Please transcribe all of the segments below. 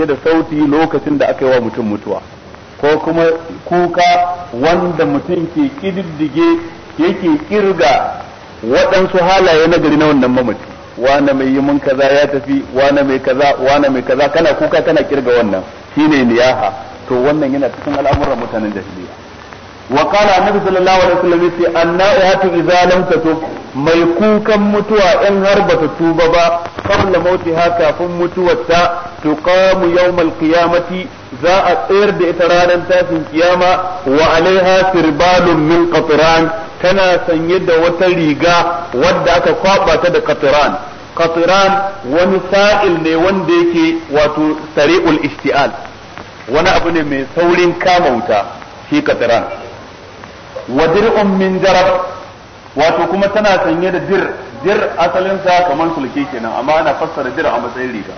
ɗauke da sauti lokacin da aka yi wa mutum mutuwa ko kuma kuka wanda mutum ke kididdige yake kirga waɗansu halaye na gari na wannan mamaci wane mai yi mun kaza ya tafi wane mai kaza wane mai kaza kana kuka kana kirga wannan shine niyaha to wannan yana cikin al'amuran mutanen jahiliya wa qala annabi mai kukan mutuwa in har bata tuba ba qabla mautiha kafin mutuwarta tuqamu yawmal qiyamati za a tsayar da ita ranar tashin kiyama wa alaiha sirbalun min tana sanye da wata riga wadda aka kwaba ta da qatran qatran wani sa'il ne wanda yake wato sari'ul isti'al wani abu ne mai saurin kama wuta shi katiran. wa dir'un min jarab wato kuma tana sanye da dir dir asalinsa kamar sulke kenan amma ana fassara dir a matsayin riga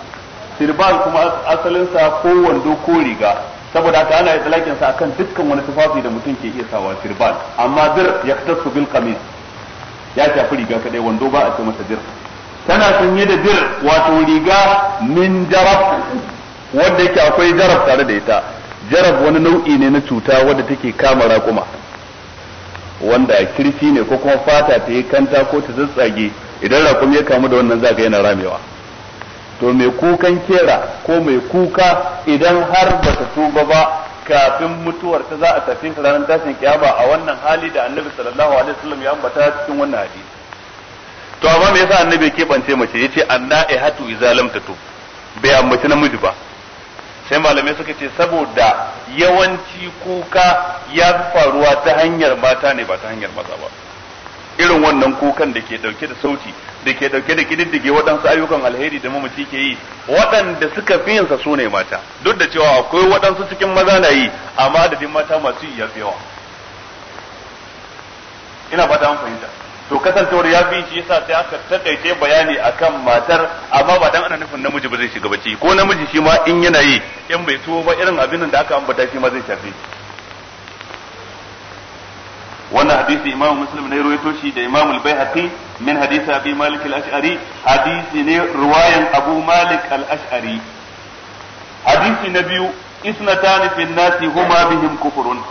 sirbal kuma asalinsa ko wando ko riga saboda haka ana itlaqin sa akan dukkan wani tufafi da mutum ke iya sawa sirbal amma dir yaktasu bil qamis ya shafi riga kadai wando ba a ce masa dir tana sanye da dir wato riga min jarab wanda yake akwai jarab tare da ita jarab wani nau'i ne na cuta wadda take kama raƙuma wanda a kirfi ne ko kuma fata ta yi kanta ko ta zazzage idan rakum ya kamu da wannan zaka yana ramewa to mai kukan kera ko mai kuka idan har ba ta tuba ba kafin mutuwar ta za a tafi ranar tashin kiyama a wannan hali da annabi sallallahu alaihi wasallam ya ambata cikin wannan hadisi to amma me yasa annabi ke kebance mace yace anna ihatu iza lam tatu bai ambaci namiji ba sai malamai suka ce saboda yawanci kuka ya fi faruwa ta hanyar mata ne ba ta hanyar maza ba irin wannan kukan da ke dauke da sauti da ke dauke da kididdige waɗansu ayyukan alheri da mamaci ke yi waɗanda suka fi yinsa su ne mata duk da cewa akwai waɗansu cikin maza na yi amma adadin mata masu yi ya fi yawa ina fata an fahimta to kasancewar ya fi shi yasa sai aka takaice bayani akan matar amma ba dan ana nufin namiji ba zai shiga bace ko namiji shi ma in yana yi in bai tuwo ba irin abin da aka ambata shi ma zai shafe wannan hadisi imamu muslim ne ruwaito shi da imamu al-baihaqi min hadisi abi malik al-ash'ari hadisi ne ruwayan abu malik al-ash'ari hadisi na biyu isnatani fi nasi huma bihim kufurun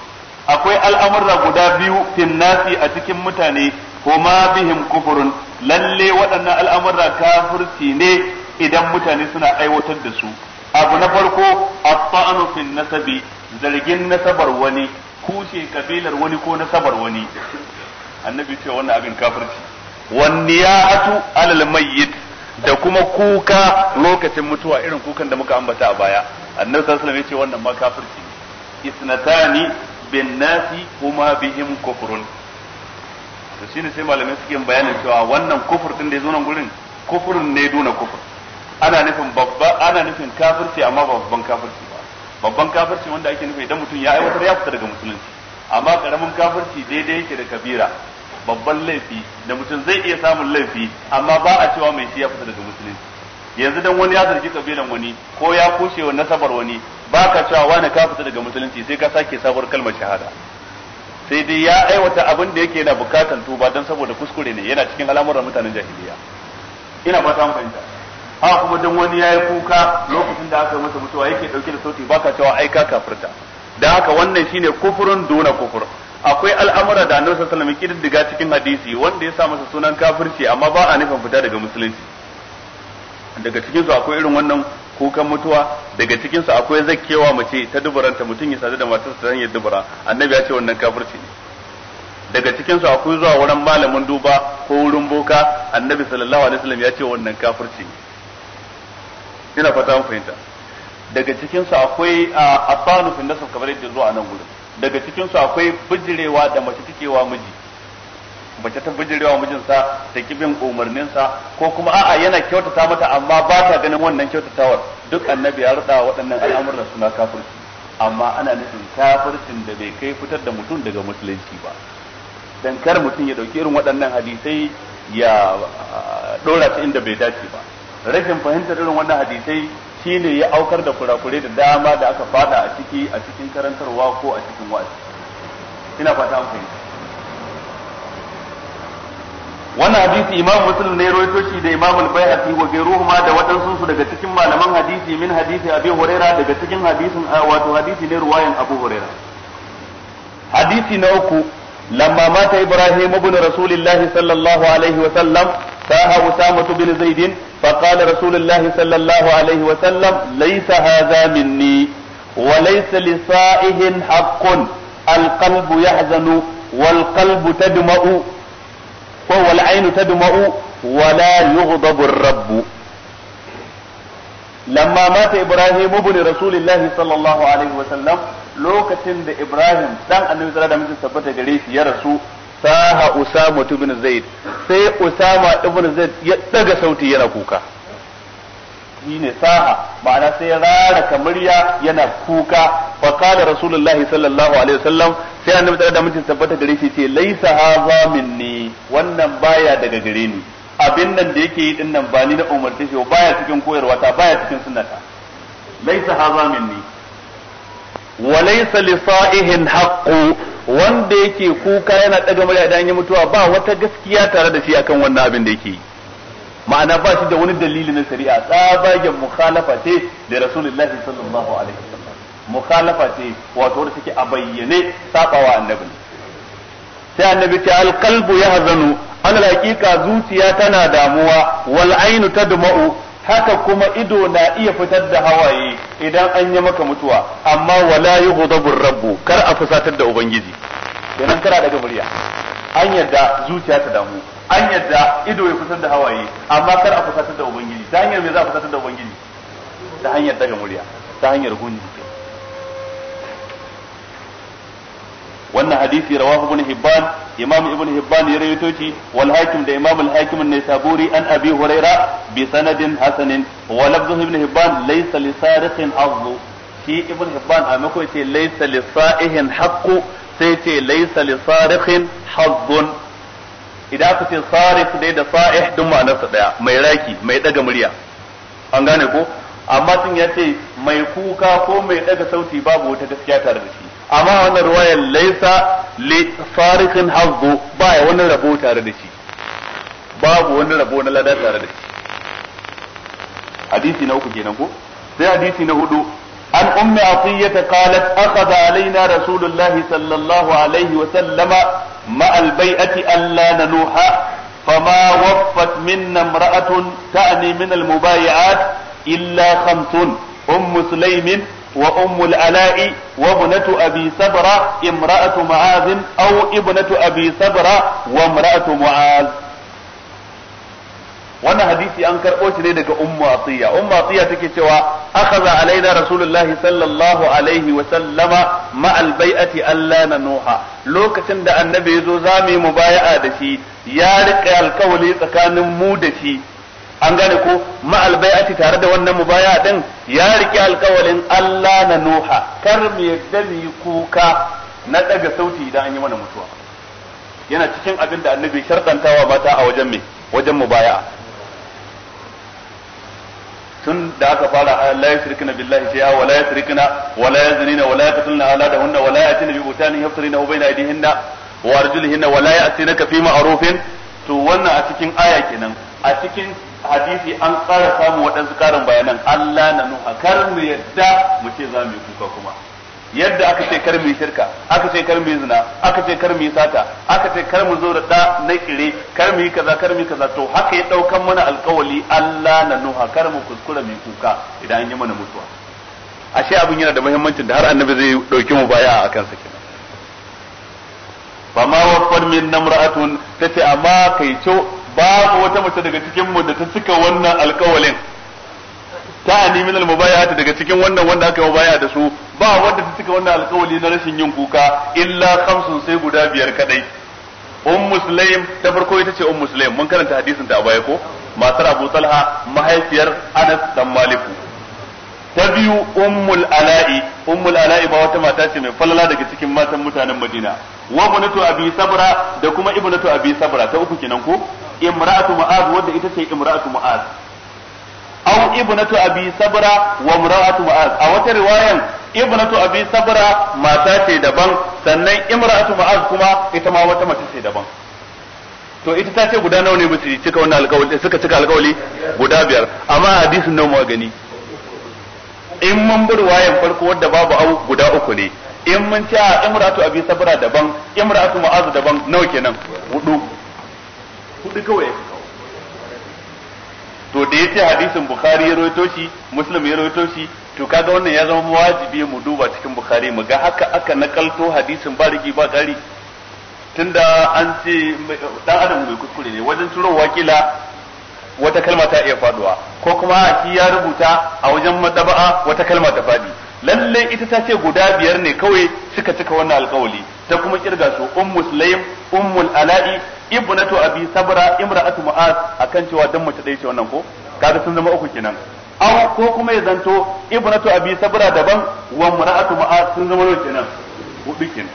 akwai al'amurra guda biyu fi nasi a cikin mutane huma bihim kufurun lalle waɗannan al'amura kafirci ne idan mutane suna aiwatar da su abu na farko at fil nasabi zargin nasabar wani kushe kabilar wani ko nasabar wani annabi ce wannan abin kafirci wan niyatu alal mayyit da kuma kuka lokacin mutuwa irin kukan da muka ambata a baya annabi sallallahu alaihi wasallam ya ce wannan ma kafirci isnatani bin nasi kuma bihim kufurun to shine sai malamai suke yin bayanin cewa wannan kufur tun da zo nan gurin kufurin ne duna kufur ana nufin babba ana nufin kafirci amma babban kafirci ba babban kafirci wanda ake nufi idan mutum ya aiwatar ya fita daga musulunci amma karamin kafirci daidai yake da kabira babban laifi da mutum zai iya samun laifi amma ba a cewa mai shi ya fita daga musulunci yanzu dan wani ya zargi kabilan wani ko ya kushe wa nasabar wani ba ka cewa wani ka fita daga musulunci sai ka sake sabuwar kalmar shahada sai dai ya aiwata abin da yake yana bukatan tuba don saboda kuskure ne yana cikin al'amuran mutanen jahiliya ina fata mun fahimta ha kuma dan wani ya yi kuka lokacin da aka masa mutuwa yake dauke da sauti baka cewa ai ka kafirta da haka wannan shine kufurun dona kufur akwai al'amura da Annabi sallallahu alaihi wasallam ya cikin hadisi wanda ya sa masa sunan kafirci amma ba a nufin fita daga musulunci daga cikin su akwai irin wannan kukan mutuwa daga cikin su akwai zakkewa mace ta duburanta mutum ya sadu da matarsa ta ya dubura annabi ya ce wannan kafirci ne daga cikin su akwai zuwa wurin malamin duba ko wurin boka annabi sallallahu alaihi wasallam ya ce wannan kafirci ne ina fata mun fahimta daga cikin su akwai asanu fi nasab kamar yadda zuwa nan gurin daga cikin su akwai bijirewa da mace take wa miji mace ta bijirewa mijinsa ta kibin umarninsa ko kuma a'a yana kyautata mata amma ba ta ganin wannan kyautatawar duk annabi ya rada waɗannan al'amuran suna kafirci amma ana nufin kafircin da bai kai fitar da mutum daga musulunci ba dan kar mutum ya dauki irin waɗannan hadisai ya dora ah, ta inda bai dace ba rashin fahimtar irin wannan hadisai shine ya aukar da kurakure da dama da aka fada a ciki a cikin karantarwa ko a cikin wa'azi ina fata an fahimta wani hadisi imam muslim ne rawaito shi da imam al-baihaqi wa ghayruhuma da wadansu su daga cikin malaman hadisi min hadisi abi huraira daga cikin hadisin wato hadisi ne ruwayan abu huraira hadisi na uku lamma mata ibrahim ibn rasulillahi sallallahu alaihi wa sallam saha usama bin zaid fa qala rasulullahi sallallahu alaihi wa sallam laysa hadha minni wa laysa li sa'ihin haqqun al-qalbu yahzanu wal qalbu tadma'u ko wal ainu ta wa la yughdabu ar-rabb lamma mata ibrahim ibn rasulillahi sallallahu alaihi wa sallam lokacin da ibrahim ɗan annabi sallallahu da wa tabbata gare shi ya rasu saha usama ibn zaid sai usama ibn zaid ya daga sauti yana kuka shine saha ma'ana sai ya rara kamar yana kuka fa qala rasulullahi sallallahu alaihi wasallam sai annabi da mutum tabbata gare shi ce laisa hadha minni wannan baya daga gare ni abin nan da yake yi din nan ba ni na umarce shi baya cikin koyarwa ta baya cikin sunnata laisa hadha minni wa laisa li sa'ihin haqqu wanda yake kuka yana daga murya da yi mutuwa ba wata gaskiya tare da shi akan wannan abin da yake yi ma'ana ba shi da wani dalili na shari'a tsabagen mukhalafa ce da rasulullahi sallallahu alaihi mukhalafa ce wato wanda take a bayyane sabawa annabi sai annabi ta alqalbu yahzanu an laqiqa zuciya tana damuwa wal ainu tadma'u haka kuma ido na iya fitar da hawaye idan an yi maka mutuwa amma wala yughdabur rabbu kar a fusatar da ubangiji kenan kana daga murya an yadda zuciya ta damu an yadda ido ya fitar da hawaye amma kar a fusatar da ubangiji ta hanyar me za a fusatar da ubangiji ta hanyar daga murya ta hanyar gunji wannan hadisi rawahu ibn hibban imam ibn hibban ya rawaito shi wal hakim da imam al hakim ne saburi an abi huraira bi sanadin hasanin wa lafzu ibn hibban laysa li sariqin azlu shi ibn hibban a mako yace laysa li sa'ihin haqqu sai ce laysa li sariqin hazzun idan aka ce sariq dai da sa'ih duk sa daya mai raki mai daga murya an gane ko amma sun ya ce mai kuka ko mai daga sauti babu wata gaskiya tare da shi amma wannan ruwayar laisa li farikin hazzu ba ya wani rabo tare da shi babu wani rabo na lada tare da shi hadisi na uku kenan ko sai hadisi na hudu an ummi atiyata qalat akhadha alaina rasulullahi sallallahu alaihi wa sallama ma albay'ati alla nanuha فما وفت منا امرأة تأني من المبايعات إلا خمس أم سليم وأم الألاء وابنة أبي سبرة امرأة معاذ أو ابنة أبي سبرة وامرأة معاذ wannan hadisi an karɓo shi ne daga ummu atiya ummu atiya take cewa akhadha alaina rasulullah sallallahu alaihi wa sallama ma albay'ati alla nanuha lokacin da annabi yazo zamu yi mubaya'a da shi ya rika alkawali tsakanin mu da shi an gane ko ma'al bai'ati tare da wannan mubaya din ya rike alkawalin Allah na Nuha kar mu yadda mu yi kuka na daga sauti idan an yi mana mutuwa yana cikin abin da annabi shartantawa mata a wajen me wajen mubaya tun da aka fara ah, la yushrikuna billahi shay'a wa la yushrikuna wa la yazunina wa la yaqtuluna auladahunna wa la yatina bi butani yaftarina bayna aydihinna wa arjulihinna wa la ya'tinaka fi ma'rufin to wannan a cikin aya kenan a cikin hadisi an ƙara samun waɗansu ƙarin bayanan Allah na nuha kar mu yadda mu ce za mu yi kuka kuma yadda aka ce kar mu yi shirka aka ce kar mu yi zina aka ce kar mu yi sata aka ce kar mu zo da ɗa na kire kar mu yi kaza kar mu yi to haka ya ɗaukan mana alƙawali Allah na nuha kar mu kuskura mu kuka idan an yi mana mutuwa ashe abin yana da muhimmancin da har annabi zai ɗauki mu baya a kansa kenan fama waffar min namra'atun tace amma kai cewa babu wata mace daga cikin mu da ta cika wannan alkawalin ta ani min daga cikin wannan wanda aka mubaya da su ba wanda ta cika wannan alkawali na rashin yin kuka illa khamsun sai guda biyar kadai um muslim ta farko ita ce um muslim mun karanta hadisin ta a baya ko matar abu talha mahaifiyar anas dan maliku ta biyu ummul ala'i ummul ala'i ba wata mata ce mai falala daga cikin matan mutanen madina wa ibnatu abi sabra da kuma ibnatu abi sabra ta uku kenan ko imra'atu mu'az wanda ita ce imra'atu mu'az aw ibnatu abi sabra wa imra'atu mu'az a wata riwayan ibnatu abi sabra mata ce daban sannan imra'atu mu'az kuma ita ma wata mata ce daban to ita ta ce guda nawa ne ba su cika wannan alƙawari suka cika alƙawari guda biyar amma hadisin nan mu gani in mun bi ruwayan farko wadda babu abu guda uku ne in mun ci a imratu abi sabra daban imratu mu'az daban nawa kenan hudu hudu kawai to da yace hadisin bukhari ya rawaito shi muslim ya rawaito shi to kaga wannan ya zama wajibi mu duba cikin bukhari mu ga haka aka nakalto hadisin ba rigi ba kari tunda an ce dan adam mai kuskure ne wajen turowa kila wata kalma ta iya faduwa ko kuma shi ya rubuta a wajen madaba'a wata kalma ta fadi lalle ita ta ce guda biyar ne kawai suka cika wannan alkawali ta kuma kirga su ummu sulaim ummul ala'i ibnatu abi sabra imra'atu mu'az akan cewa dan mace dai ce wannan ko kaga sun zama uku kenan aw ko kuma ya zanto ibnatu abi sabra daban wa imra'atu mu'az sun zama nawa kenan hudu kenan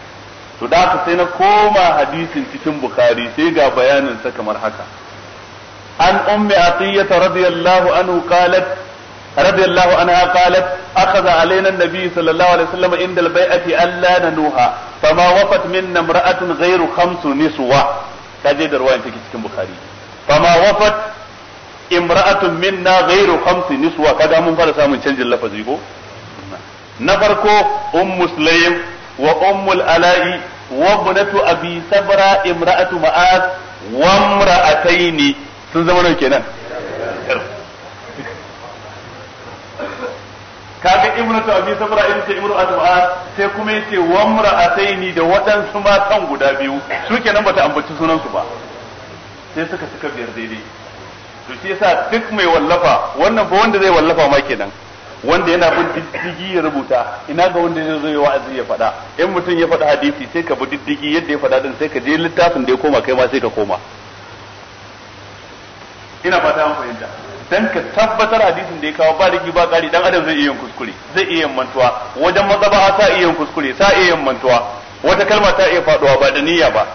to da sai na koma hadisin cikin bukhari sai ga bayanin sa kamar haka عن أم عطية رضي الله عنه قالت رضي الله عنها قالت أخذ علينا النبي صلى الله عليه وسلم عند البيعة ألا ننوها فما وفت منا امرأة غير خمس نسوة كذلك رواية cikin Bukhari فما وفت امرأة منا غير خمس نسوة كذا من فara samun canjin lafazi ko na farko ummu sulaim wa ummul ala'i wa ibnatu abi sabra imra'atu ma'az wa imra'ataini sun zama nan kenan kaga ibnu tabi sabra in ce ibnu adwa sai kuma yace wa mura'ataini da waɗansu matan guda biyu su kenan bata ambaci sunan su ba sai suka suka biyar daidai to shi yasa duk mai wallafa wannan ba wanda zai wallafa ma kenan wanda yana bin diddigi ya rubuta ina ga wanda zai zo ya wa'azi ya faɗa in mutum ya faɗa hadisi sai ka bi diddigi yadda ya fada din sai ka je littafin da ya koma kai ma sai ka koma ina fata an fahimta dan ka tabbatar hadisin da ya kawo ba rigi ba kari dan adam zai iya yin kuskure zai iya yin mantuwa wajen mazaba ta iya yin kuskure ta iya yin mantuwa wata kalma ta iya faduwa ba da niyya ba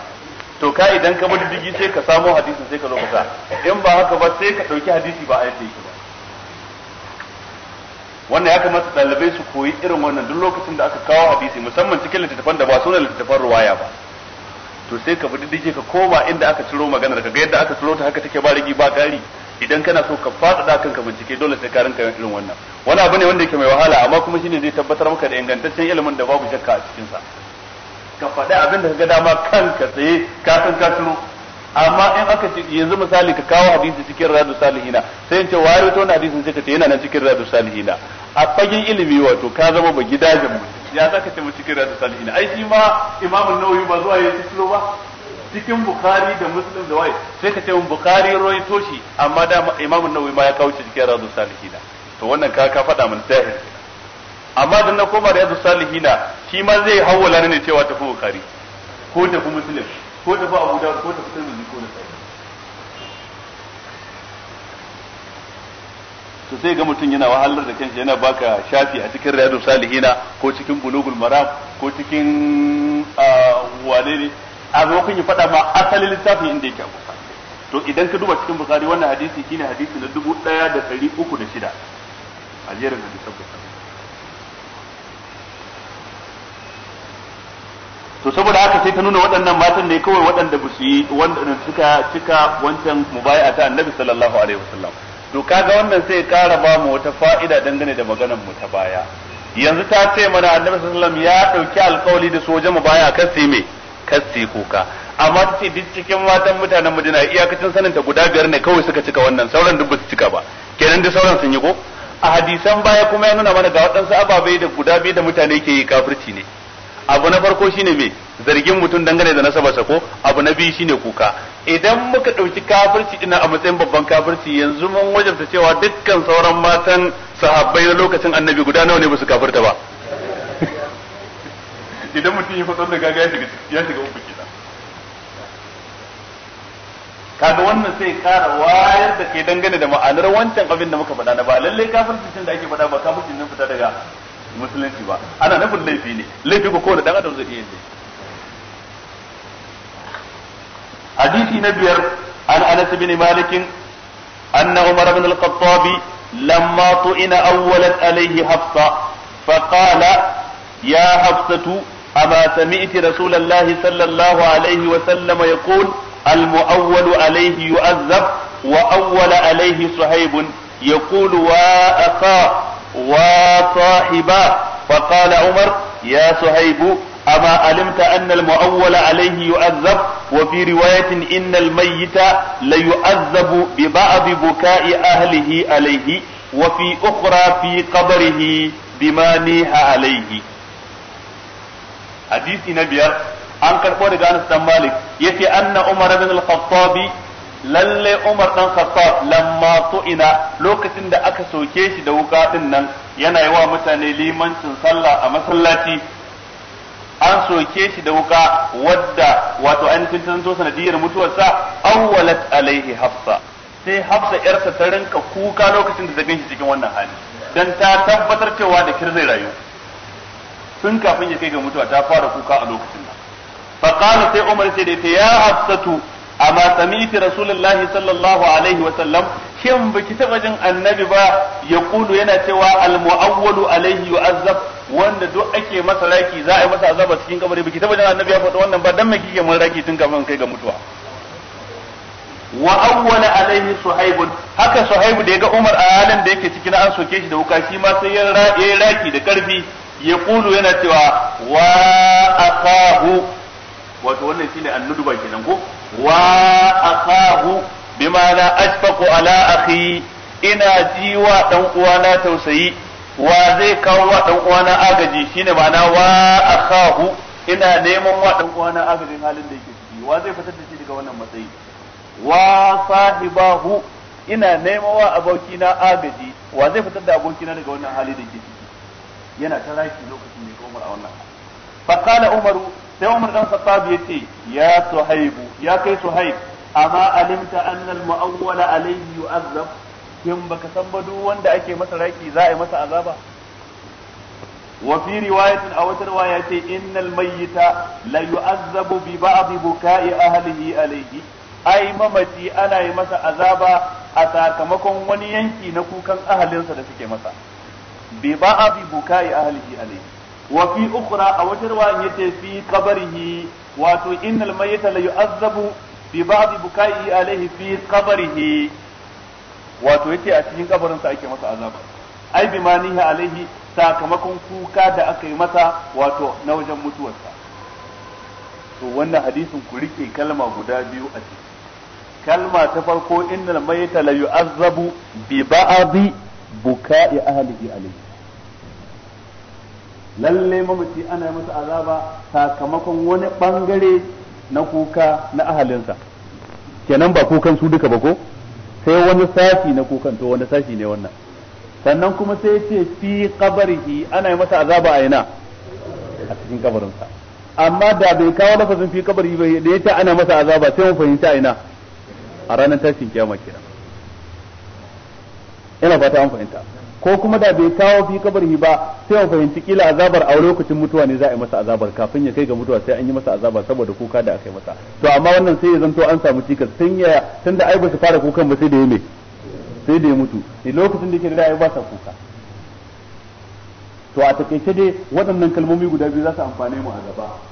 to ka idan ka bi digi sai ka samo hadisin sai ka zo ka in ba haka ba sai ka dauki hadisi ba a yadda yake ba wannan ya kamata dalibai su koyi irin wannan duk lokacin da aka kawo hadisi musamman cikin littattafan da ba suna littattafan ruwaya ba to sai ka fadi dike ka koma inda aka ciro maganar ka ga yadda aka ciro ta haka take ba rigi ba kari idan kana so ka fada da kanka bincike dole sai ka rinka irin wannan wani abu ne wanda yake mai wahala amma kuma shine zai tabbatar maka da ingantaccen ilimin da babu shakka a cikin sa ka fada abin da ka ga dama kanka tsaye ka san ka ciro amma in aka ce yanzu misali ka kawo hadisi cikin radu salihina sai in ce wayo to na hadisin sai ka ce yana nan cikin radu salihina a fagen ilimi wato ka zama ba gidajen mutum ya zaka ce mu cikin riyadu salihin ai shi ma imam nawawi ba zuwa yayin tsiro ba cikin bukhari da muslim da waye sai ka ce mun bukhari roi toshi amma da imam nawawi ma ya kawo cikin riyadu salihin to wannan ka ka faɗa mun zahir amma dan na koma riyadu salihin shi ma zai hawwala ne cewa tafi bukhari ko tafi muslim ko tafi abu da ko tafi tirmidhi ko da to sai ga mutum yana wahalar da kanshi yana baka shafi a cikin riyadu salihina ko cikin bulugul maram ko cikin wane ne a maimakon ya faɗa ma asalin littafin inda yake abu to idan ka duba cikin bukari wannan hadisi shine hadisi na dubu ɗaya da ɗari uku da shida a jerin hadisan bukari to saboda haka sai ta nuna waɗannan matan ne kawai waɗanda ba su yi wanda suka cika wancan mubaya ta annabi sallallahu alaihi wasallam to kaga wannan sai kara ba mu wata fa'ida dangane da maganar mu ta baya yanzu ta ce mana annabi sallallahu ya dauki alkawali da soja mu baya kan me kan sai kuka amma ta ce duk cikin matan mutanen Madina iyakacin sanin ta guda biyar ne kawai suka cika wannan sauran duk ba su cika ba kenan da sauran sun yi ko a hadisan baya kuma ya nuna mana ga waɗansu ababai da guda biyu da mutane ke yi kafirci ne abu na farko shine me zargin mutum dangane da nasabarsa ko abu na biyu shine kuka idan muka ɗauki kafirci ina a matsayin babban kafirci yanzu mun wajabta cewa dukkan sauran matan sahabbai na lokacin annabi guda nawa ne ba su kafirta ba idan mutum ya fasar da gaga ya shiga uku kenan kaga wannan sai kara wayar da kai dangane da ma'anar wancan abin da muka faɗa na ba lallai kafirci da ake faɗa ba kafirci ne fita daga musulunci ba ana nufin laifi ne laifi ko kowane dan adam zai iya yi hadisi na biyar an anas bin malik anna umar ibn al-khattab lamma tu'ina awwalat alayhi hafsa fa qala ya hafsatu أما سمعت رسول الله صلى الله عليه وسلم يقول المؤول عليه يؤذب وأول عليه صهيب يقول وا أخا وصاحبا فقال عمر يا صهيب أما علمت أن المؤول عليه يؤذب وفي رواية إن الميت ليؤذب ببعض بكاء أهله عليه وفي أخرى في قبره بما نيح عليه حديث نبي عن karɓo daga Anas dan Malik yace anna Umar ibn lalle Umar dan Khattab lamma ina lokacin da aka soke shi da wuka din nan yana yi wa mutane limancin sallah a masallaci an soke shi da wuka wadda wato ainihin tanto sanadiyar mutuwarsa awwalat alaihi hafsa sai hafsa yarsa ta rinka kuka lokacin da ta shi cikin wannan hali dan ta tabbatar cewa da kir zai rayu tun kafin ya kai ga mutuwa ta fara kuka a lokacin nan fa qala sai umar sai da ya hafsatu amma sami'ti rasulullahi sallallahu alaihi wa sallam kin baki taba jin annabi ba ya kulu yana cewa mu'awwalu alaihi yu'azzab wanda duk ake masa raki za a yi masa azaba cikin kabari baki taba jin annabi ya faɗa wannan ba dan me kike mun raki tun kafin kai ga mutuwa wa awwala alaihi suhaib haka suhaib da yaga umar a halin da yake cikin an soke shi da wuka shi ma sai ya raki da karfi ya kulu yana cewa wa akahu wato wannan shine annuduba kenan ko wa akahu bimana ashfaqu ala akhi ina ji wa dan uwana tausayi wa zai kawo wa dan uwana agaji shine ma'ana wa akahu ina neman wa dan uwana agajin halin da yake ciki wa zai fitar da shi daga wannan matsayi wa sahibahu ina neman wa abokina agaji wa zai fitar da abokina daga wannan hali da yake ciki yana ta raki lokacin ne Umar a wannan fa kana Umaru sai Umar dan Khattab yace ya Suhaib ya kai Suhaib amma alimta annal mu'awwala alayhi yu'azzab kin baka san ba duk wanda ake masa raki za a yi masa azaba wa fi riwayatin a wata riwaya ce innal mayyita la yu'azzabu bi ba'd buka'i ahlihi alayhi ai mamaci ana yi masa azaba a sakamakon wani yanki na kukan ahalinsa da suke masa bi ba'd buka'i ahlihi alayhi wa fi ukhra a wata riwaya ce fi qabrihi wato innal mayyita la yu'azzabu bi ba'd bukai alaihi fi qabrihi wato yake a cikin kabarin sa ake masa azaba ai bi manihi alaihi sakamakon kuka da aka yi masa wato na wajen mutuwarsa to wannan hadisin ku rike kalma guda biyu a ciki kalma ta farko innal mayta la yu'azzabu bi ba'd buka'i ahlihi alaihi lalle mamaci ana yi masa azaba sakamakon wani bangare na kuka na ahalinsa kenan ba kukan su duka ba ko sai wani sashi na kukan to wani sashi ne wannan sannan kuma sai ce fi kabarihi ana yi masa azaba a ina a cikin kabarinsa amma da bai kawo lafazin fi kabari ba da yace ana masa azaba sai mun fahimta a ina a ranar tashin kiyama kenan ina fata an fahimta ko kuma da bai kawo fi kabarhi ba sai mu fahimci kila azabar a lokacin mutuwa ne za a yi masa azabar kafin ya kai ga mutuwa sai an yi masa azabar saboda kuka da aka yi masa to amma wannan sai ya zanto an samu cikas tun ya tun da ai ba su fara kukan ba sai da ya me sai da ya mutu e, lokacin da yake da ai ba sa kuka to a takaice dai waɗannan kalmomi guda biyu za su amfane mu a gaba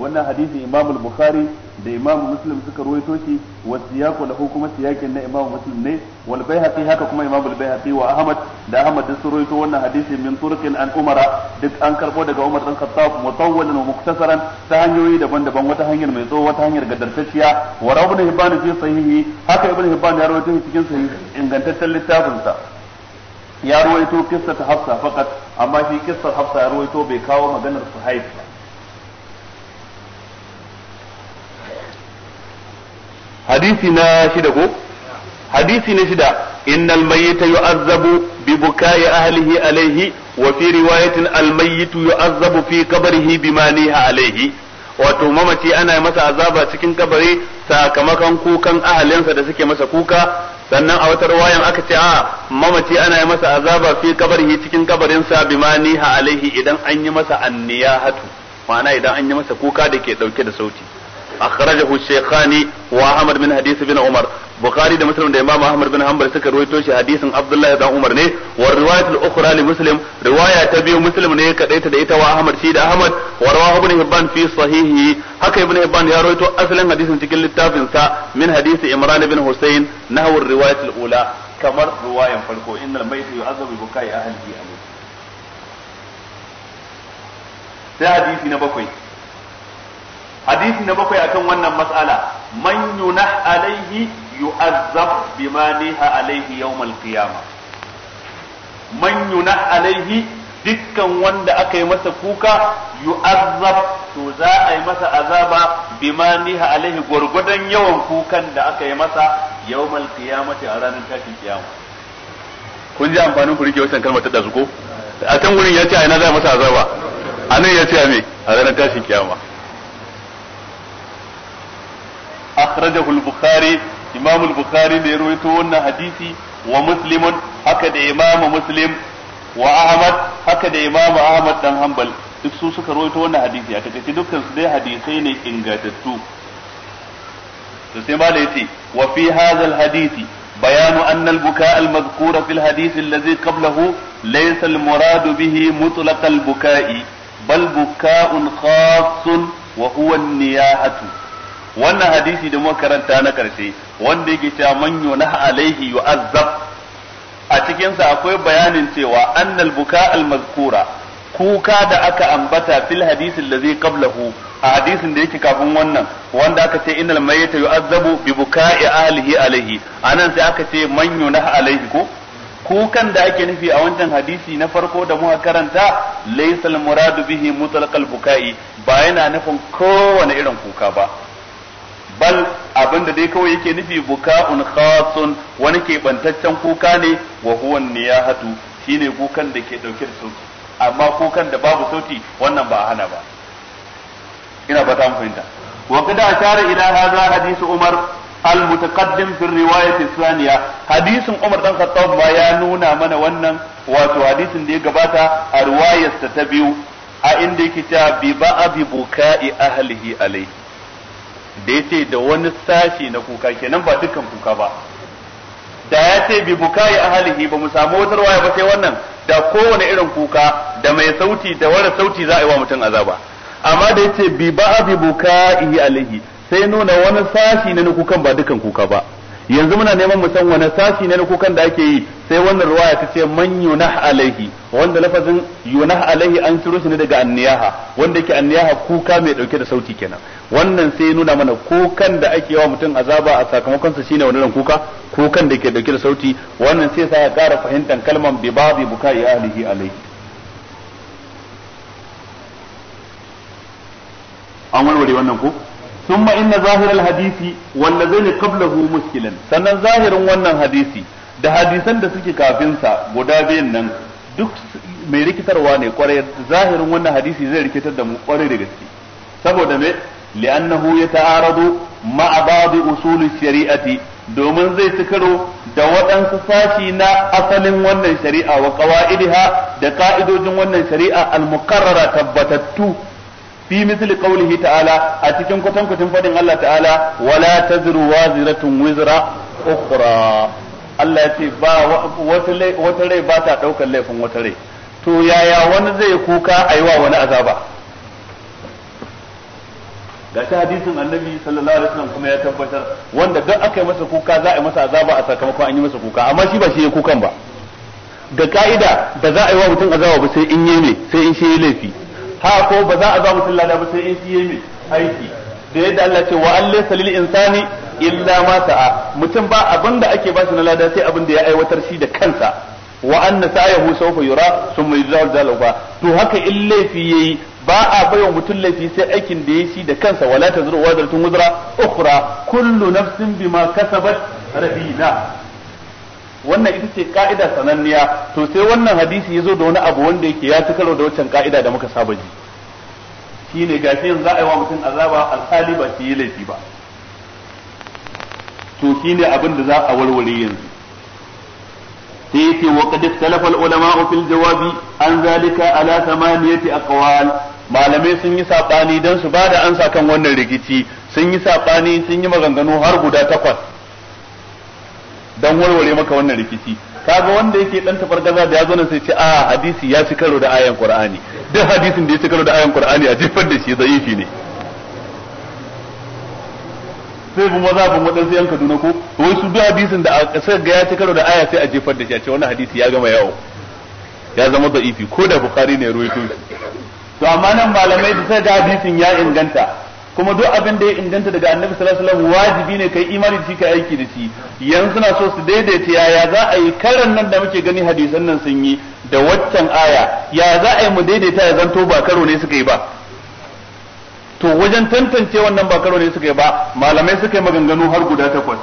wannan hadisi imam al-bukhari da imam muslim suka ruwaito shi wa siyaqu lahu kuma siyakin na imam muslim ne wal baihaqi haka kuma imam al-baihaqi wa ahmad da ahmad da sun ruwaito wannan hadisi min turqin an umara duk an karbo daga umar dan khattab mutawwalan wa muktasaran ta hanyoyi daban-daban wata hanyar mai tsawo wata hanyar gadartacciya wa ibn hibban fi sahihi haka ibn hibban ya ruwaito cikin sahihi ingantaccen littafin sa ya ruwaito kissa ta hafsa fakat amma shi kissar hafsa ya ruwaito bai kawo maganar suhaib hadisi na shida ko hadisi na shida innal mayyita yu'azzabu bi bukai ahlihi alaihi wa fi riwayatin al mayyitu yu'azzabu fi wato mamaci ana masa azaba cikin kabari sakamakon kukan ahalinsa da suke masa kuka sannan a wata ruwayan aka ce a mamaci ana masa azaba fi kabarihi cikin sa bi niha alaihi idan an yi masa anniyahatu ma'ana idan an yi masa kuka da ke dauke da sauti akhrajahu shaykhani wa ahmad suka ruwaito shi hadisin abdullahi dan umar ta biyu ne kadaita da ita wa ahmad shi da ahmad wa ya ruwaito asalin hadisin cikin littafin sa min hadisi imran ibn husayn nahwu riwayat al-ula hadisi na bakwai akan wannan mas'ala man yuna alaihi yu'azzab bima niha alaihi yawmal qiyama man yuna alaihi dukkan wanda aka yi masa kuka yu'azzab to za a yi masa azaba bima niha alaihi gwargwadon yawan kukan da aka yi masa yawmal qiyamati a ranar tashin kiyama kun ji amfanin ku rike wannan kalmar ta dazu ko a can wurin ya ce a ina za a masa azaba a nan ya ce a me a ranar tashin kiyama akhrajahu al-bukhari imam al-bukhari da ya rawaito wannan hadisi wa muslimun haka da imam muslim wa ahmad haka da imam ahmad dan hanbal duk su suka rawaito wannan hadisi a takaice dukkan su dai hadisai ne ingantattu to yace wa fi hadha al-hadisi بيان أن البكاء المذكور في الحديث الذي قبله ليس المراد به مطلق البكاء بل بكاء خاص وهو النياحة wannan hadisi da muka karanta na karshe wanda yake cewa man yunaha alaihi yu'azzab a cikin sa akwai bayanin cewa annal buka al mazkura kuka da aka ambata fil hadisin da zai qablahu a hadisin da yake kafin wannan wanda aka ce innal mayyita yu'azzabu bi buka'i ahlihi alaihi anan sai aka ce man yunaha alaihi ko kukan da ake nufi a wancan hadisi na farko da muka karanta laysal muradu bihi mutlaqal buka'i ba yana nufin kowane irin kuka ba bal abin da dai kawai yake nufi buka'un khasun wani keɓantaccen kuka ne wa huwa niyahatu shine kukan da ke dauke da sauti amma kukan da babu sauti wannan ba a hana ba ina ba ta mu fahimta wa kada ashara ila hadha hadisu umar al mutaqaddim fi riwayat thaniya hadisin umar dan khattab ba ya nuna mana wannan wato hadisin da ya gabata a riwayarsa ta biyu a inda yake cewa bi ba'a bi buka'i ahlihi alayhi da ya ce da wani sashi na kuka kenan ba dukkan kuka ba da ya ce bi bukai ahlihi ba mu samu wata waya ba sai wannan da kowane irin kuka da mai sauti da wani sauti za a yi wa mutum azaba amma da ya yace bi ba bi bukai alaihi sai nuna wani sashi na kukan ba dukkan kuka ba yanzu muna neman mu san wani sashi ne na kukan da ake yi sai wannan ruwaya ta ce man yunah alaihi wanda lafazin yunah alaihi an ciro shi ne daga anniyaha wanda yake anniyaha kuka mai dauke da sauti kenan wannan sai ya nuna mana kukan da ake yawa mutum azaba a sakamakon sa shine wannan kuka kukan da ke dauke da sauti wannan sai sa ya kara fahimtar kalman bi babi bukai ahlihi alaihi an warware wannan ku. ثم ان ظاهر الحديث والذين قبله مشكلا sannan zahirin wannan hadisi da hadisan da suke kafin sa guda biyan nan duk mai rikitarwa ne kwarai zahirin wannan hadisi zai rikitar da mu kwarai da gaske saboda me li'annahu yata'aradu ma'a ba'd usul shari'ati domin zai ci da waɗansu sashi na asalin wannan shari'a wa ƙawa'idiha da ka'idojin wannan shari'a al-muqarrara tabbatattu fi misli qawlihi ta'ala a cikin kwatankwacin fadin Allah ta'ala wala tazru waziratun wizra ukhra Allah ya ce ba wata rai ba ta daukar laifin wata rai to yaya wani zai kuka aiwa wani azaba ga ta hadisin annabi sallallahu alaihi wasallam kuma ya tabbatar wanda duk aka yi masa kuka za a yi masa azaba a sakamakon an yi masa kuka amma shi ba shi ya kukan ba ga ka'ida da za a yi wa mutum azaba ba sai in yi ne sai in shi laifi ha ko ba za a ba mutum lada ba sai in shi yayi aiki da yadda Allah ce wa allaysa lil insani illa ma sa'a mutum ba abin da ake ba shi na lada sai abin da ya aiwatar shi da kansa wa anna sa'ahu sawfa yura thumma yujzahu zalika to haka in laifi yayi ba a baiwa mutum laifi sai aikin da ya shi da kansa wala tazru wa zartun ukhra kullu nafsin bima kasabat rabina wannan ita ce ka'ida sananniya to sai wannan hadisi ya zo da wani abu wanda yake ya ci da waccan ka'ida da muka saba ji shine gashi yanzu za a yi wa mutum azaba alhali ba shi yi laifi ba to shine abin da za a warware yanzu sai yake wa qad ikhtalafa al-ulama fil jawabi an zalika ala thamaniyati aqwal malamai sun yi sabani dan su bada ansa kan wannan rigici sun yi sabani sun yi maganganu har guda takwas dan warware maka wannan rikici kaga wanda yake dan tafargaza da yazo nan sai ce a hadisi ya ci karo da ayan qur'ani duk hadisin da ya ci karo da ayan qur'ani a jifar da shi zaifi ne sai bu maza bu madan sai yanka duna ko wai su duk hadisin da sai ga ya ci karo da aya sai a jifar da shi a ce wannan hadisi ya gama yawo ya zama zaifi ko da bukhari ne ruwaito to amma nan malamai da sai ga hadisin ya inganta kuma duk abin da ya inganta daga annabi sallallahu alaihi wasallam wajibi ne kai imani da shi kai aiki da shi yanzu na so su daidaita yaya za a yi karan nan da muke gani hadisan nan sun yi da waccan aya ya za a yi mu daidaita ya zanto ba karo ne suka yi ba to wajen tantance wannan ba karo ne suka yi ba malamai suka yi maganganu har guda takwas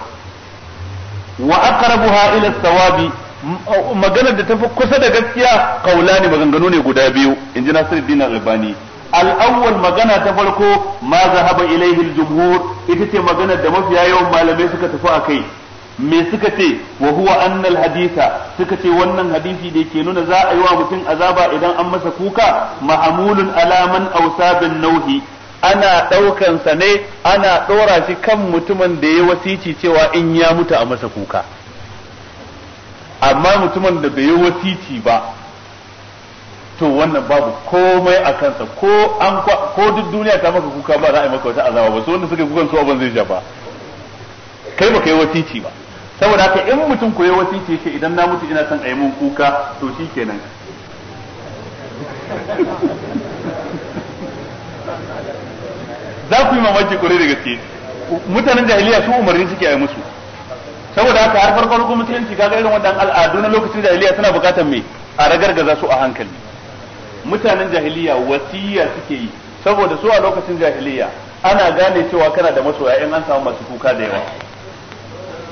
wa aqrabuha ila sawabi maganar da tafi kusa da gaskiya kaulani maganganu ne guda biyu inji Nasiruddin Albani al'awwal magana ta farko ma zahaba ilaihi al-jumhur ita ce magana da mafiya yawan malamai suka tafi a kai me suka ce wa huwa annal haditha suka ce wannan hadisi da yake nuna za a yi wa mutum azaba idan an masa kuka ma'amulun alaman ausabin nauhi ana ɗaukan sa ne ana ɗora shi kan mutumin da ya wasici cewa in ya mutu a masa kuka amma mutumin da bai yi wasici ba to wannan babu komai a kansa ko an ko duk duniya ta maka kuka ba za a yi maka wata azaba ba su wanda suka kukan su abin zai shafa kai ka yi wasici ba saboda haka in mutum ku yi wasici ce idan na mutu ina son a yi mun kuka to shi kenan za ku yi mamaki kwarai da gaske mutanen jahiliya su umarni suke yi musu saboda haka har farkon musulunci kaga irin wadannan al'adu na lokacin jahiliya suna bukatar me a ragargaza su a hankali mutanen jahiliya wasiyya suke yi saboda su a lokacin jahiliya ana gane cewa kana da masoya in an samu masu kuka da yawa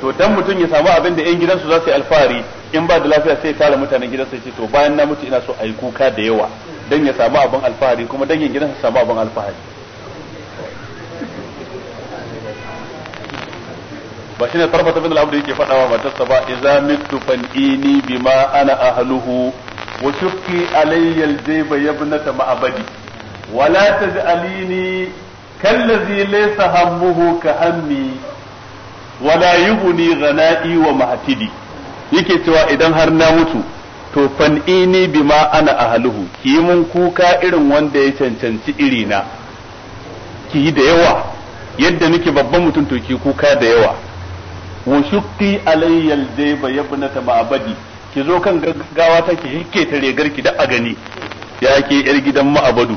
to dan mutum ya samu abin da yan gidansu za su yi alfahari in ba da lafiya sai tara mutanen gidansa ce to bayan na mutu ina so a yi kuka da yawa dan ya samu abin alfahari kuma dangin gidansu samu abin alfahari ba ne tarfata bin al yake fadawa matarsa ba idza mitu fan'ini bima ana ahluhu wa علي الجيب يا ابنة معبدي ولا تجعليني كالذي ليس همه كهمي ka يبني wala ومعتدي wa yake cewa idan har na mutu to fan'ini bima ana ahluhu ki mun kuka irin wanda ya cancanci irina ki da yawa yadda nake babban mutum to ki kuka da yawa wa shukki alayyal zai ya ma'abadi ki zo kan gaggawa ta ki hike ta regar ki da a gani ya ke yar gidan ma'abadu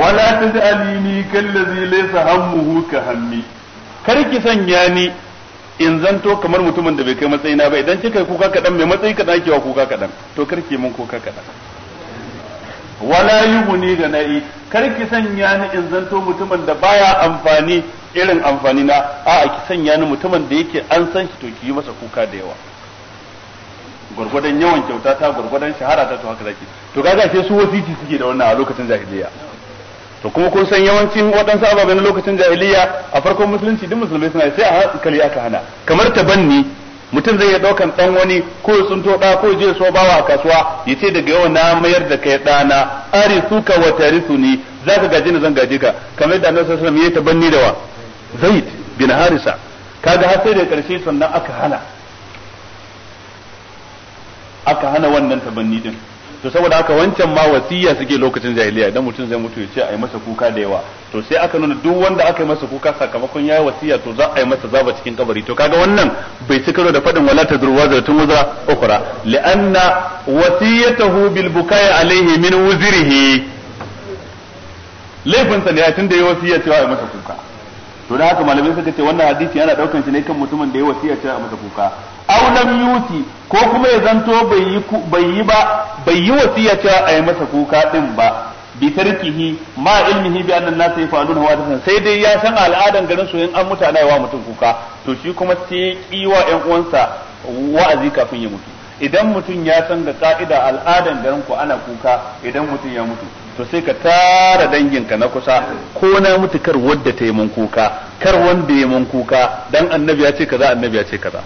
wala taj'alini kallazi laysa hammuhu ka hammi kar ki sanya ni in zanto kamar mutumin da bai kai matsayi na ba idan kika yi kuka kadan mai matsayi kadan kiwa kuka kadan to kar ki mun kuka kadan wala yuhuni da na'i kar ki sanya ni in zanto mutumin da baya amfani irin amfani na a ki sanya ni mutumin da yake an san shi to ki yi masa kuka da yawa gwargwadon yawan kyauta ta gwargwadon shahara ta to haka zaki to kaga sai su wasiti suke da wannan a lokacin jahiliya to kuma kun san yawancin waɗansu ababe na lokacin jahiliya a farkon musulunci duk musulmai suna sai a hankali aka hana kamar tabanni mutum zai iya daukan dan wani ko sun to da ko je so bawa a kasuwa ya ce daga yau na mayar da kai ɗana ari suka wa tarisu ni zaka gaji na zan gaji ka kamar da annabi sallallahu alaihi wasallam ya tabanni da wa zaid bin harisa kaga har sai da karshe sannan aka hana aka hana wannan tabanni din to saboda haka wancan ma wasiya suke lokacin jahiliya idan mutum zai mutu ya ce a yi masa kuka da yawa to sai aka nuna duk wanda aka yi masa kuka sakamakon yayi wasiya to za a yi masa zaba cikin kabari to kaga wannan bai ci karo da fadin wala ta tazru wazratun wazra ukhra li'anna wasiyatahu bil bukai alaihi min wuzrihi laifin sa ne a tunda yayi wasiya cewa a yi masa kuka to da haka malamai suka ce wannan hadisi yana daukan shi ne kan mutumin da ya wasiya ta masa kuka aw lam yuti ko kuma ya zanto bai yi bai yi ba bai yi wasiya ta a masa kuka din ba bi tarkihi ma ilmihi bi anna nasu yafaluna wa hawadithan sai dai ya san al'adan garin su in an mutana wa mutum kuka to shi kuma sai kiwa ƴan uwansa wa'azi kafin ya mutu idan mutum ya san ga ka'ida al'adan garin ku ana kuka idan mutum ya mutu to sai ka tara danginka na kusa ko na mutu kar wadda ta yi mun kuka kar wanda ya mun kuka dan annabi ya ce kaza annabi ya ce kaza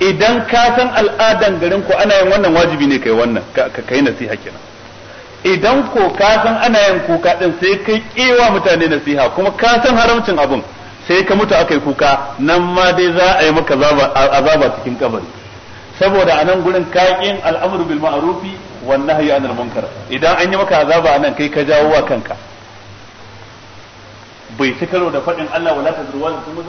idan ka san al'adan garin ku ana yin wannan wajibi ne kai wannan ka kai nasiha kenan idan ko ka san ana yin kuka din sai kai kewa mutane nasiha kuma ka san haramcin abun sai ka mutu aka yi kuka nan ma dai za a yi maka azaba cikin kabari saboda a nan gurin kaƙin al'amru bil ma'arufi wan nahyi anil munkar idan an yi maka azaba nan kai ka jawo wa kanka bai ci karo da faɗin Allah wala tazru wa tazru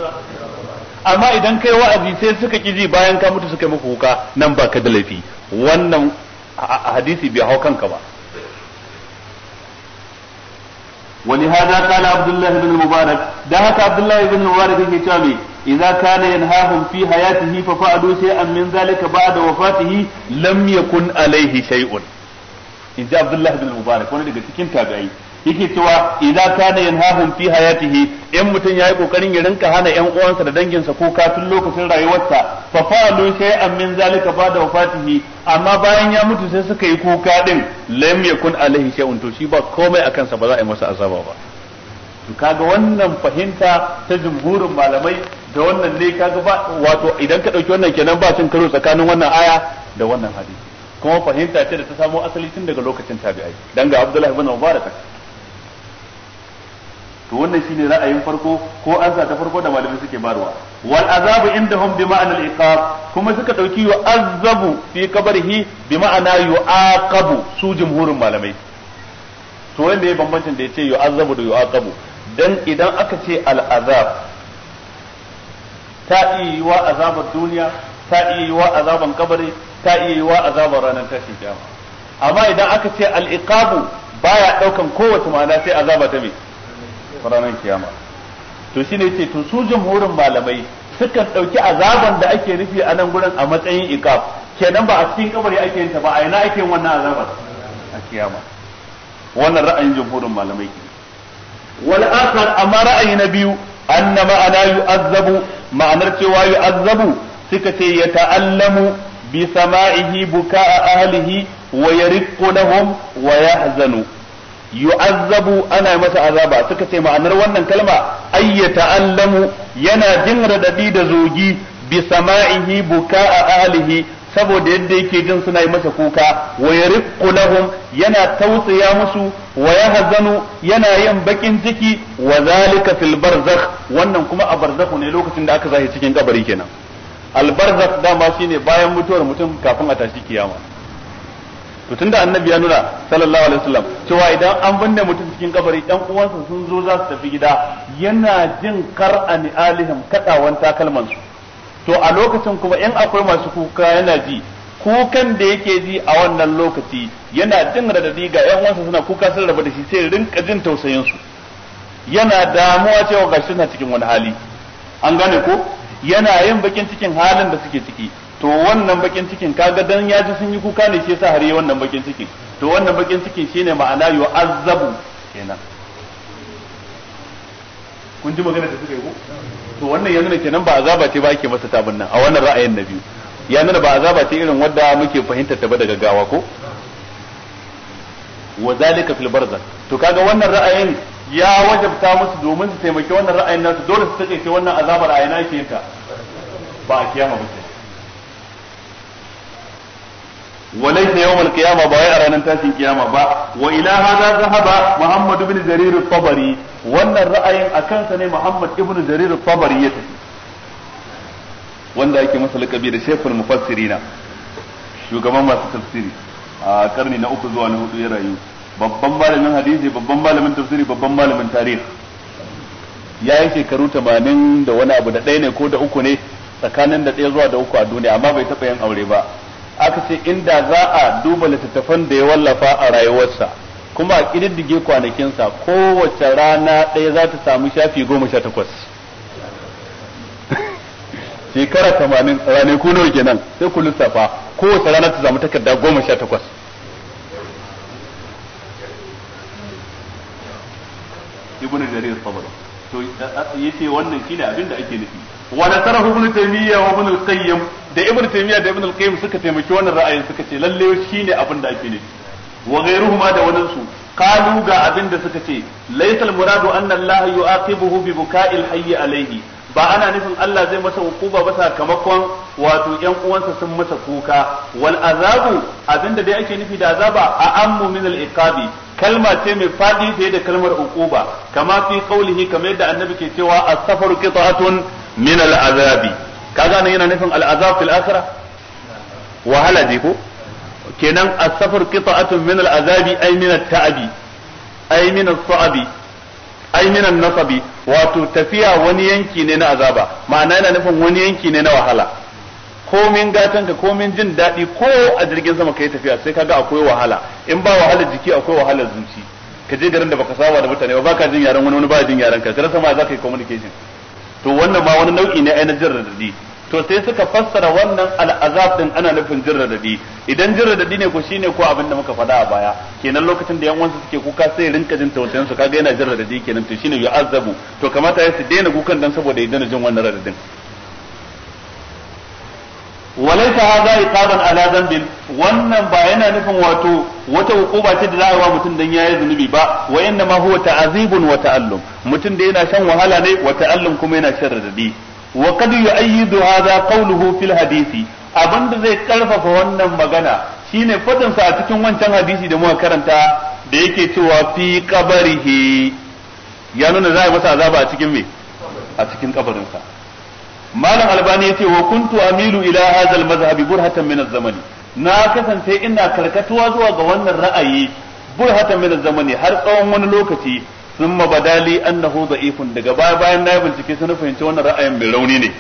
amma idan kai wa'azi sai suka kiji bayan ka mutu suka yi muku kuka nan ba ka da laifi wannan hadisi bai hau kanka ba ولهذا قال عبد الله بن المبارك دهك عبد الله بن المبارك الهشامي إذا كان ينهاهم في حياته ففعلوا شيئا من ذلك بعد وفاته لم يكن عليه شيء إن عبد الله بن المبارك وانا لقد كنت تابعي yake cewa idza kana yanhahum fi hayatihi in mutun yayi kokarin ya rinka hana yan uwansa da danginsa ko kafin lokacin rayuwarsa fa fa'alu shay'an min zalika ba'da wafatihi amma bayan ya mutu sai suka yi kuka din lam yakun alaihi shay'un to shi ba komai akan sa ba za a yi masa azaba ba to kaga wannan fahimta ta jumhurin malamai da wannan ne kaga ba wato idan ka dauki wannan kenan ba cin karo tsakanin wannan aya da wannan hadisi kuma fahimta ce da ta samo asali tun daga lokacin tabi'ai dan ga Abdullahi ibn Mubarak to wannan shine ra'ayin farko ko an sa ta farko da malamai suke barwa wal azabu indahum bi ma'ana al iqab kuma suka dauki yu azabu fi qabrihi bi ma'ana yuaqabu su jumhurin malamai to wanda ya bambancin da yace yu azabu da yuaqabu dan idan aka ce al azab ta iya wa azabar duniya ta iya wa azaban kabari ta iya wa azabar ranar tashin kiyama amma idan aka ce al iqabu baya daukan kowace ma'ana sai azaba ta mai ranar kiyama to shine yace to su jamhurin malamai sukan dauki azaban da ake nufi a nan gurin a matsayin iqab kenan ba a cikin kabari ake yin ta ba a ina ake yin wannan azaban a kiyama wannan ra'ayin jamhurin malamai ke wal akhar amma ra'ayi na biyu anna ma'ana yu'azzabu ma'anar cewa yu'azzabu suka ce ya ta'allamu bi sama'ihi buka'a ahlihi wa yariqu lahum wa yahzanu yu'azzabu ana masa azaba suka ce ma'anar wannan kalma ayyata allamu yana jin radadi da zogi bi sama'ihi a ahlihi saboda yadda yake jin suna yi masa kuka wa yariqu lahum yana tausaya musu wa yahzanu yana yin bakin ciki wa zalika fil barzakh wannan kuma a barzakh ne lokacin da aka zahi cikin kabari kenan al barzakh dama shine bayan mutuwar mutum kafin a tashi kiyama to tunda annabi ya nuna sallallahu alaihi wasallam cewa idan an binne mutum cikin kabari ɗan uwansa sun zo za su tafi gida yana jin kar kar'ani alihim kaɗawan takalman su to a lokacin kuma in akwai masu kuka yana ji kukan da yake ji a wannan lokaci yana jin radadi ga 'yan uwansa suna kuka sun rabu da shi sai rinka jin tausayin su yana damuwa cewa gashi suna cikin wani hali an gane ko yana yin bakin cikin halin da suke ciki to wannan bakin cikin kaga dan ya ji sun yi kuka ne shi yasa har yi wannan bakin cikin to wannan bakin cikin shine ma'ana azabu kenan kun ji magana da suka yi ko to wannan ya nuna kenan ba azaba ce ba ake masa tabin nan a wannan ra'ayin na biyu ya nuna ba azaba ce irin wadda muke fahimta ta ba da gaggawa ko wa zalika fil barzakh to kaga wannan ra'ayin ya wajabta musu domin su taimaki wannan ra'ayin nasu dole su take wannan azabar a yana ke ta ba a kiyama ba وليس يوم القيامة باي أرانا تاسي قيامة با وإلى هذا ذهب محمد بن جرير الطبري وأن الرأي أكان سنة محمد بن جرير الطبري يتفي وأن ذلك مثل كبير شيخ المفسرين شو كمان ما تفسيري a نأخذ na uku zuwa na babban malamin hadisi babban malamin tafsiri babban malamin tarihi ya yi shekaru tamanin da wani abu da ɗaya ne ko da uku ne tsakanin da ɗaya zuwa da uku a duniya amma bai taɓa yin aure ba aka ce inda za a duba littattafan da ya wallafa a rayuwarsa kuma a ƙididdige kwanakinsa kowace rana ɗaya za ta samu shafi goma sha takwas shekara tamanin ranaku nawa kenan sai ku lissafa kowace rana ta samu takarda goma sha takwas ibn jarir sabara to yace wannan shine abin da ake nufi wa nasarahu ibn taymiya wa qayyim da ibn taymiya da ibn al-qayyim suka taimaki wannan ra'ayin suka ce lalle shine abin da ake nufi wa ghayruhuma da wannan su qalu ga abin da suka ce laysa al-muradu anna allaha yu'aqibuhu bi buka'il hayy alayhi ba ana nufin Allah zai masa hukuba ba sakamakon wato 'yan uwansa sun masa kuka wal azabu da dai ake nufi da azaba a ammu min al iqabi kalma ce mai fadi fiye da kalmar hukuba kama fi qawlihi kamar yadda annabi ke cewa as-safaru qita'atun min al'azabi kaga nan yana nufin al'azab fil akhirah wahala dai ko kenan as-safar qita'atun min al'azabi ay min at-ta'abi ay min as-sa'abi ay min an-nasabi wato tafiya wani yanki ne na azaba ma'ana yana nufin wani yanki ne na wahala komin gatan ka komin jin daɗi ko a jirgin sama kai tafiya sai kaga akwai wahala in ba wahala jiki akwai wahala zuci ka je garin da baka saba da mutane ba baka jin yaran wani wani ba jin yaran ka garin sama za ka yi communication to wannan ma wani nau'i ne na jin radadi to sai suka fassara wannan al'azab din ana nufin jin radadi idan jin radadi ne ko shine ko abin da muka faɗa a baya kenan lokacin da yan wansu suke kuka sai rinka jin tausayin su kaga yana jin radadi kenan to shine azabu to kamata ya su daina kukan dan saboda ya dana jin wannan radadin walaysa hadha iqaban ala dhanbin wannan ba yana nufin wato wata hukuma ce da za a yi wa mutum dan yayi zunubi ba wa inna ma huwa ta'azibun wa ta'allum mutum da yana shan wahala ne wa ta'allum kuma yana shan radadi wa qad yu'ayyidu hadha qawluhu fil hadisi abinda zai karfafa wannan magana shine fadin sa a cikin wancan hadisi da muka karanta da yake cewa fi qabrihi ya nuna za a masa azaba a cikin me a cikin kabarinsa malam albani yace wa kuntu amilu ila hadha al-madhhab burhatan min az na kasance ina karkatuwa zuwa ga wannan ra'ayi burhatan min az har tsawon wani lokaci thumma badali annahu da'ifun daga baya bayan na bincike sun fahimci wannan ra'ayin mai rauni ne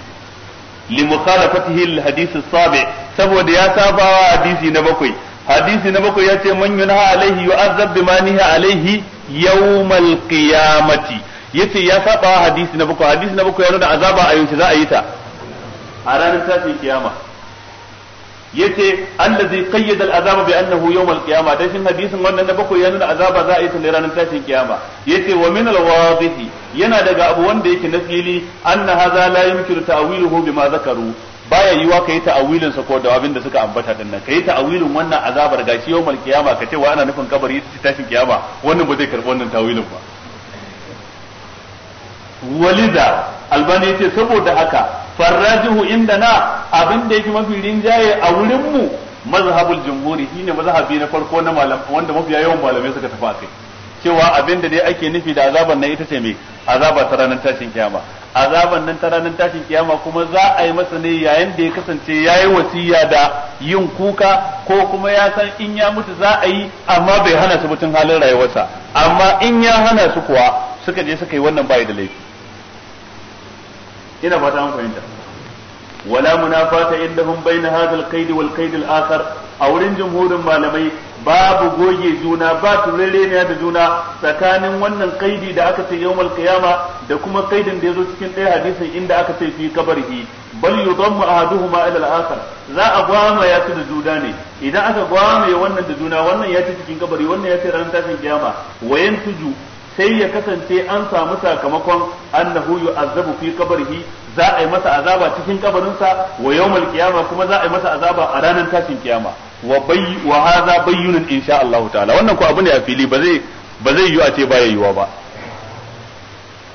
li mukhalafatihi al-hadith as-sabi saboda ya sabawa hadisi na bakwai hadisi na bakwai yace man yunha alaihi yu'azzab bima niha alaihi yawmal qiyamati yace ya saba hadisi na bakwai hadisi na bakwai ya nuna azaba a yaushe za a yi ta a ranar tashin kiyama yace allazi qayyada al-azaba bi annahu yawm al qiyama dan shin hadisin wannan na bakwai ya nuna azaba za a yi ta ne ranar tashin kiyama yace wa min al-wadihi yana daga abu wanda yake na fili anna hadha la yumkinu ta'wiluhu bima zakaru baya yiwa ka yi ta'awilin sa ko da abin da suka ambata din nan ka yi ta'awilin wannan azabar gashi yawmal kiyama ka ce wa ana nufin kabari ita tashin kiyama wannan ba zai karbi wannan ta'awilin ba walida albani yace saboda haka inda na abin da yake mafi rinjaye a wurin mu mazhabul jumhuri shine mazhabi na farko na malam wanda mafi yawan malamai suka tafi akai cewa abin da dai ake nufi da azaban nan ita ce me azaba ta ranar tashin kiyama azaban nan ta ranar tashin kiyama kuma za a yi masa ne yayin da ya kasance yayi wasiya da yin kuka ko kuma ya san in ya mutu za a yi amma bai hana su mutun halin rayuwarsa amma in ya hana su kuwa suka je suka yi wannan bai da laifi ina fata an fahimta wala munafata indahum baina hadha al-qaid wal qaid al a wurin jumhurin malamai babu goge juna ba turere ne da juna tsakanin wannan kaidi da aka ce yawmal qiyama da kuma kaidin da yazo cikin ɗaya hadisin inda aka ce fi kabarihi bal yudammu ahaduhuma ila al za a gwama ya da juna ne idan aka gwama wannan da juna wannan ya ce cikin kabari wannan ya ce ranar tashin kiyama wayan tuju sai ya kasance an samu sakamakon annahu yu'azzabu fi qabrihi za a yi masa azaba cikin kabarinsa wa yawmal qiyama kuma za a yi masa azaba a ranar tashin kiyama wa bay wa hadha bayyinun insha Allah ta'ala wannan ko abu ne a fili ba zai ba zai yiwu a ce baya yiwuwa ba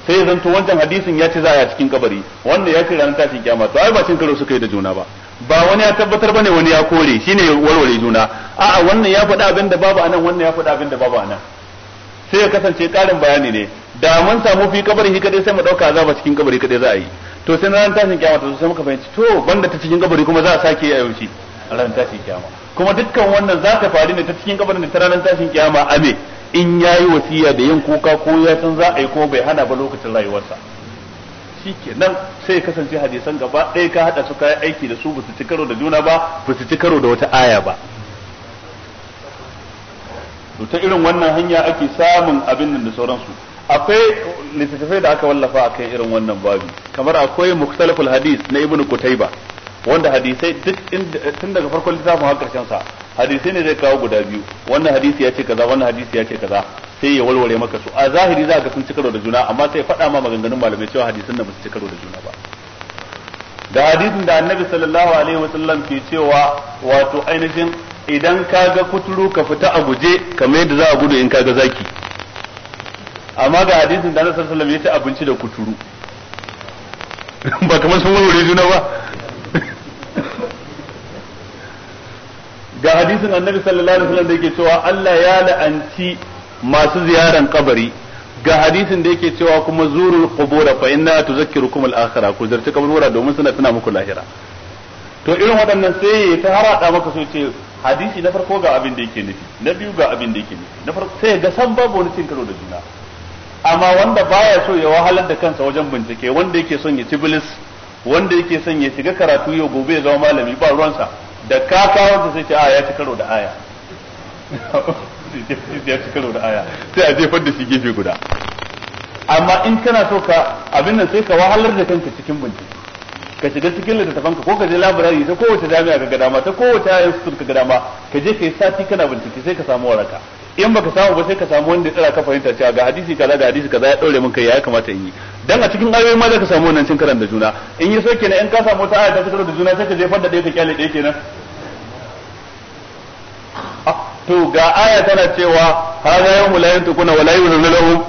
sai zan to wancan hadisin ya ce za a yi cikin kabari wannan ya ce ranar tashin kiyama to ai ba cin karo suka yi da juna ba ba wani ya tabbatar bane wani ya kore shine warware juna a'a wannan ya faɗa abinda babu anan wannan ya faɗa abinda babu anan sai ya kasance karin bayani ne da mun samu fi kabari kadai sai mu dauka azaba cikin kabari kadai za a yi to sai ran tashin kiyama to sai muka fahimci to banda ta cikin kabari kuma za a sake yi a yaushe ran tashin kiyama kuma dukkan wannan za ta faru ne ta cikin kabarin da ta ranar tashin kiyama a me in yi wasiya da yin kuka ko ya san za a yi ko bai hana ba lokacin rayuwarsa nan sai kasance hadisan gaba ɗaya ka hada su kayan aiki da su ba su ci karo da juna ba ba su ci karo da wata aya ba to ta irin wannan hanya ake samun abin nan da sauransu akwai littattafai da aka wallafa akan irin wannan babi kamar akwai muktalaful hadis na ibn kutaiba wanda hadisai duk tun daga farkon littafin har karshen sa hadisai ne zai kawo guda biyu wannan hadisi ya ce kaza wannan hadisi ya ce kaza sai ya walwale maka su a zahiri za ka sun ci karo da juna amma sai faɗa ma maganganun malamai cewa hadisin da ba su ci karo da juna ba da hadisin da annabi sallallahu alaihi wasallam ke cewa wato ainihin idan ka ga kuturu ka fita a guje kamar yadda za a gudu in ka ga zaki amma ga hadisin da nasar salam ya ci abinci da kuturu ba kamar sun wuri juna ba ga hadisin Annabi sallallahu alaihi wasallam da yake cewa Allah ya la'anci masu ziyaran kabari ga hadisin da yake cewa kuma zurul qubur fa inna tuzakkirukum al-akhirah ku kamar wura domin suna tuna muku lahira to irin waɗannan sai ta harada maka so ce hadisi na farko ga abin da yake nufi na biyu ga abin da yake nufi na farko sai ga san babu wani cin karo da juna amma wanda baya so ya wahalar da kansa wajen bincike wanda yake son ya ci bilis wanda yake son ya shiga karatu yau gobe ya zama malami ba ruwansa da ka kawo sai ce a ah, ya ci karo da aya ya ci karo da aya sai a jefar da shi gefe guda amma in kana so ka abin nan sai ka wahalar da kanka cikin bincike ka shiga cikin littattafanka ko ka je labirari ta kowace jami'a ka ga dama ta kowace ayan sutur ka ga dama ka je kai sati kana bincike sai ka samu waraka in baka samu ba sai ka samu wanda ya tsara ka fahimta cewa ga hadisi kaza ga hadisi kaza ya daure min kai ya kamata in yi dan a cikin ayoyi ma ka samu wannan cin karan da juna in yi so na in ka samu ta aya ta karo da juna sai ka jefar da ɗaya ka kyale ɗaya kenan to ga aya tana cewa hada yawmu la yantukuna wa yuzunu lahum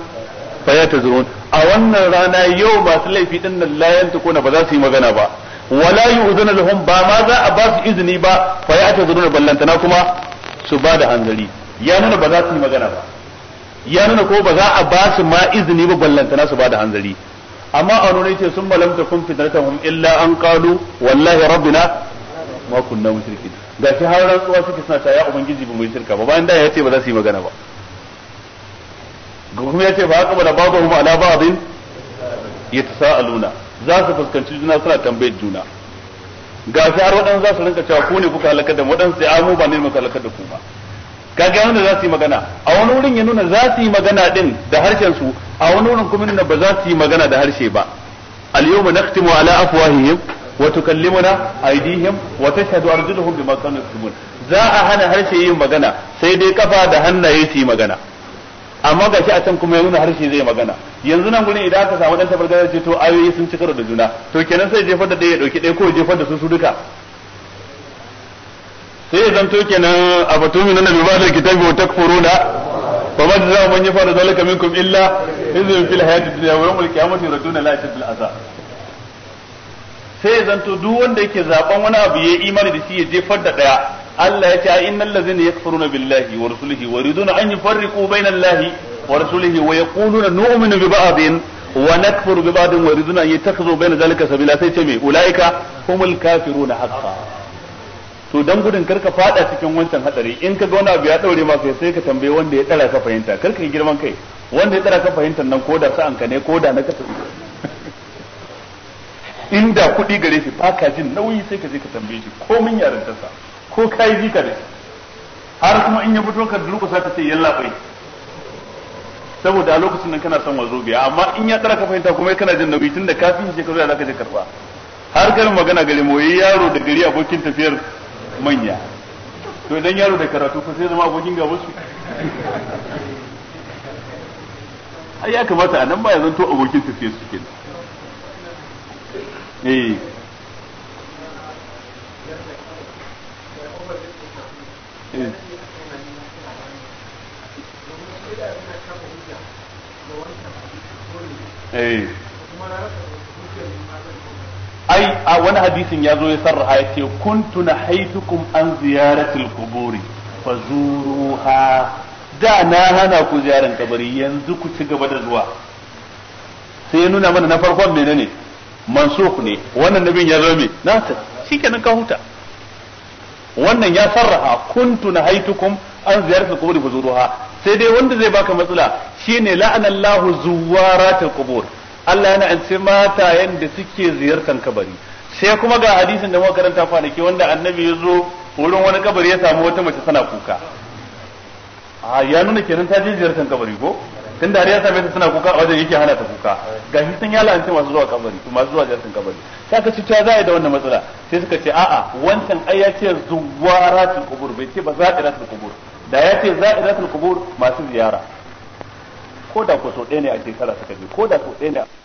fayatazurun a wannan rana yau masu laifi din nan la kona ba za su yi magana ba wala yu'zana lahum ba ma za a ba su izini ba fa ya ta zuruna ballantana kuma su ba da hanzari ya nuna ba za su yi magana ba ya nuna ko ba za a ba su ma izini ba ballantana su ba da hanzari amma a nuna yace sun malam ta kun fitratahum illa an qalu wallahi rabbina ma kunna mushrikin gashi har rantsuwa suke suna ta ya ubangiji ba mu shirka ba bayan da ya ce ba za su yi magana ba ga ya ce ba haka bada babu huma ala ba'din luna za su fuskanci juna suna tambayar juna ga shi har waɗansu za su rinka cewa ku ne kuka halakar da mu waɗansu sai amu ba ne muka halakar da ku ba ga yana za su yi magana a wani wurin ya nuna za su yi magana din da harshen su a wani wurin kuma nuna ba za su yi magana da harshe ba al-yawma nakhtimu ala afwahihim wa tukallimuna aydihim wa tashhadu arjuluhum bima kanu yaksubun za a hana harshe yin magana sai dai kafa da hannaye su yi magana amma gashi a can kuma ya nuna harshe zai magana yanzu nan gurin idan aka samu dan tabargazar ce to ayoyi sun ci karo da juna to kenan sai jefar da ɗaya ya ɗauki ɗaya ko jefar da su su duka sai ya zanto kenan a batumi na nabi ba da kitabi wa takfuruna fa ma jaza man yafara zalika minkum illa izin fil hayati dunya wa yawmil qiyamati raduna la yashadul azab sai ya zanto duk wanda yake zaben wani abu ya imani da shi ya jefar da ɗaya Allah ya ce a ya kafaru na billahi wa rasulihi wa riduna an yi bai na lahi, wa rasulihi wa ya yaquluna nu'minu bi ba'adin, wa nakfuru bi ba'adin wa riduna an yi bai na zalika sabila sai ce mai ulaika kafiru na haka. to dan gudun karka fada cikin wancan hadari in ka ga wani abu ya daure maka sai ka tambaye wanda ya tsara ka fahimta karka yi girman kai wanda ya tsara ka fahimta nan ko da sa'an ka ne ko da na kasa inda kuɗi gare shi ba ka jin nauyi sai ka je ka tambaye shi komin yarantarsa ko kai ka ne har kuma in ya fito ka durkusa ka ce yalla bai saboda a lokacin nan kana son wazo biya amma in ya tsara ka fahimta kuma kana jin nauyi tunda ka fi shekaru da zaka je karba har karin magana gari moyi yaro da gari abokin tafiyar manya to idan yaro da karatu fa sai zama abokin gaban su ai ya kamata a nan ba ya zanto abokin tafiyar su kenan eh Eh. Eh. ai a wani hadisin ya zo ya sarraha ya ce tuna nahaitukum an fa zuru ha da na hana ku ziyaran kabari yanzu ku ci gaba da zuwa sai ya nuna mana na farkon menene mansuk ne wannan nabin ya zo me nasa shikenan ka huta wannan ya sarraha kuntu haitukum an kubur qubur ha sai dai wanda zai baka matsala shine la'anallahu zuwaratul kubur Allah yana an ce mata yanda suke ziyartar kabari sai kuma ga hadisin da muka karanta kwanaki wanda annabi ya zo wurin wani kabari ya samu wata mace tana kuka a ya nuna kenan ta je ziyartar kabari ko tun da ya same suna kuka a wajen yake hana ta kuka ga shi sun yala ce masu zuwa kabari masu zuwa jasin kabari sai ka cuta za a yi da wannan matsala sai suka ce a'a wancan ai ya ce zuwaratul kubur bai ce ba za'iratul kubur da ya ce za'iratul kubur masu ziyara ko da ko so ɗaya ne a shekara suka je ko da so ɗaya ne